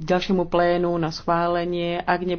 ďalšiemu plénu na schválenie, ak nebude